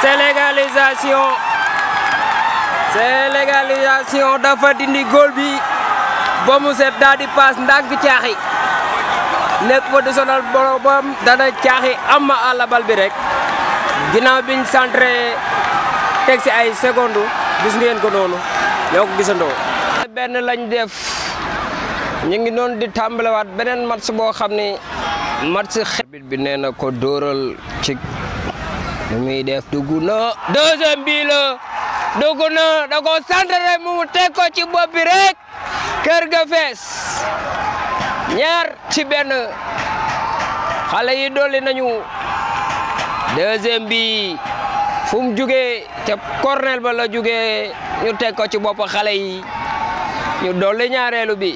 c'est légalisation c'est légalisation dafa dindi góol bi ba mu set daal paas ndànk caaxi nekk fa di dana caaxi ama ma àll bi rek ginaaw biñ centré teg si ay seconde gis ngeen ko noonu ñoo ko gisandoo. benn lañ def ñu ngi noonu di tàmbalewaat beneen match boo xam ni match. arbitre bi nee na ko dóoral ci. mu muy def dugg na deuxième bi la na da ko mu teg ko ci bopp bi rek kër ga fees ñaar ci benn xale yi dolli nañu deuxième bi fu mu jugee te corner ba la jugee ñu teg ko ci bopp xale yi ñu dolli ñaareelu bi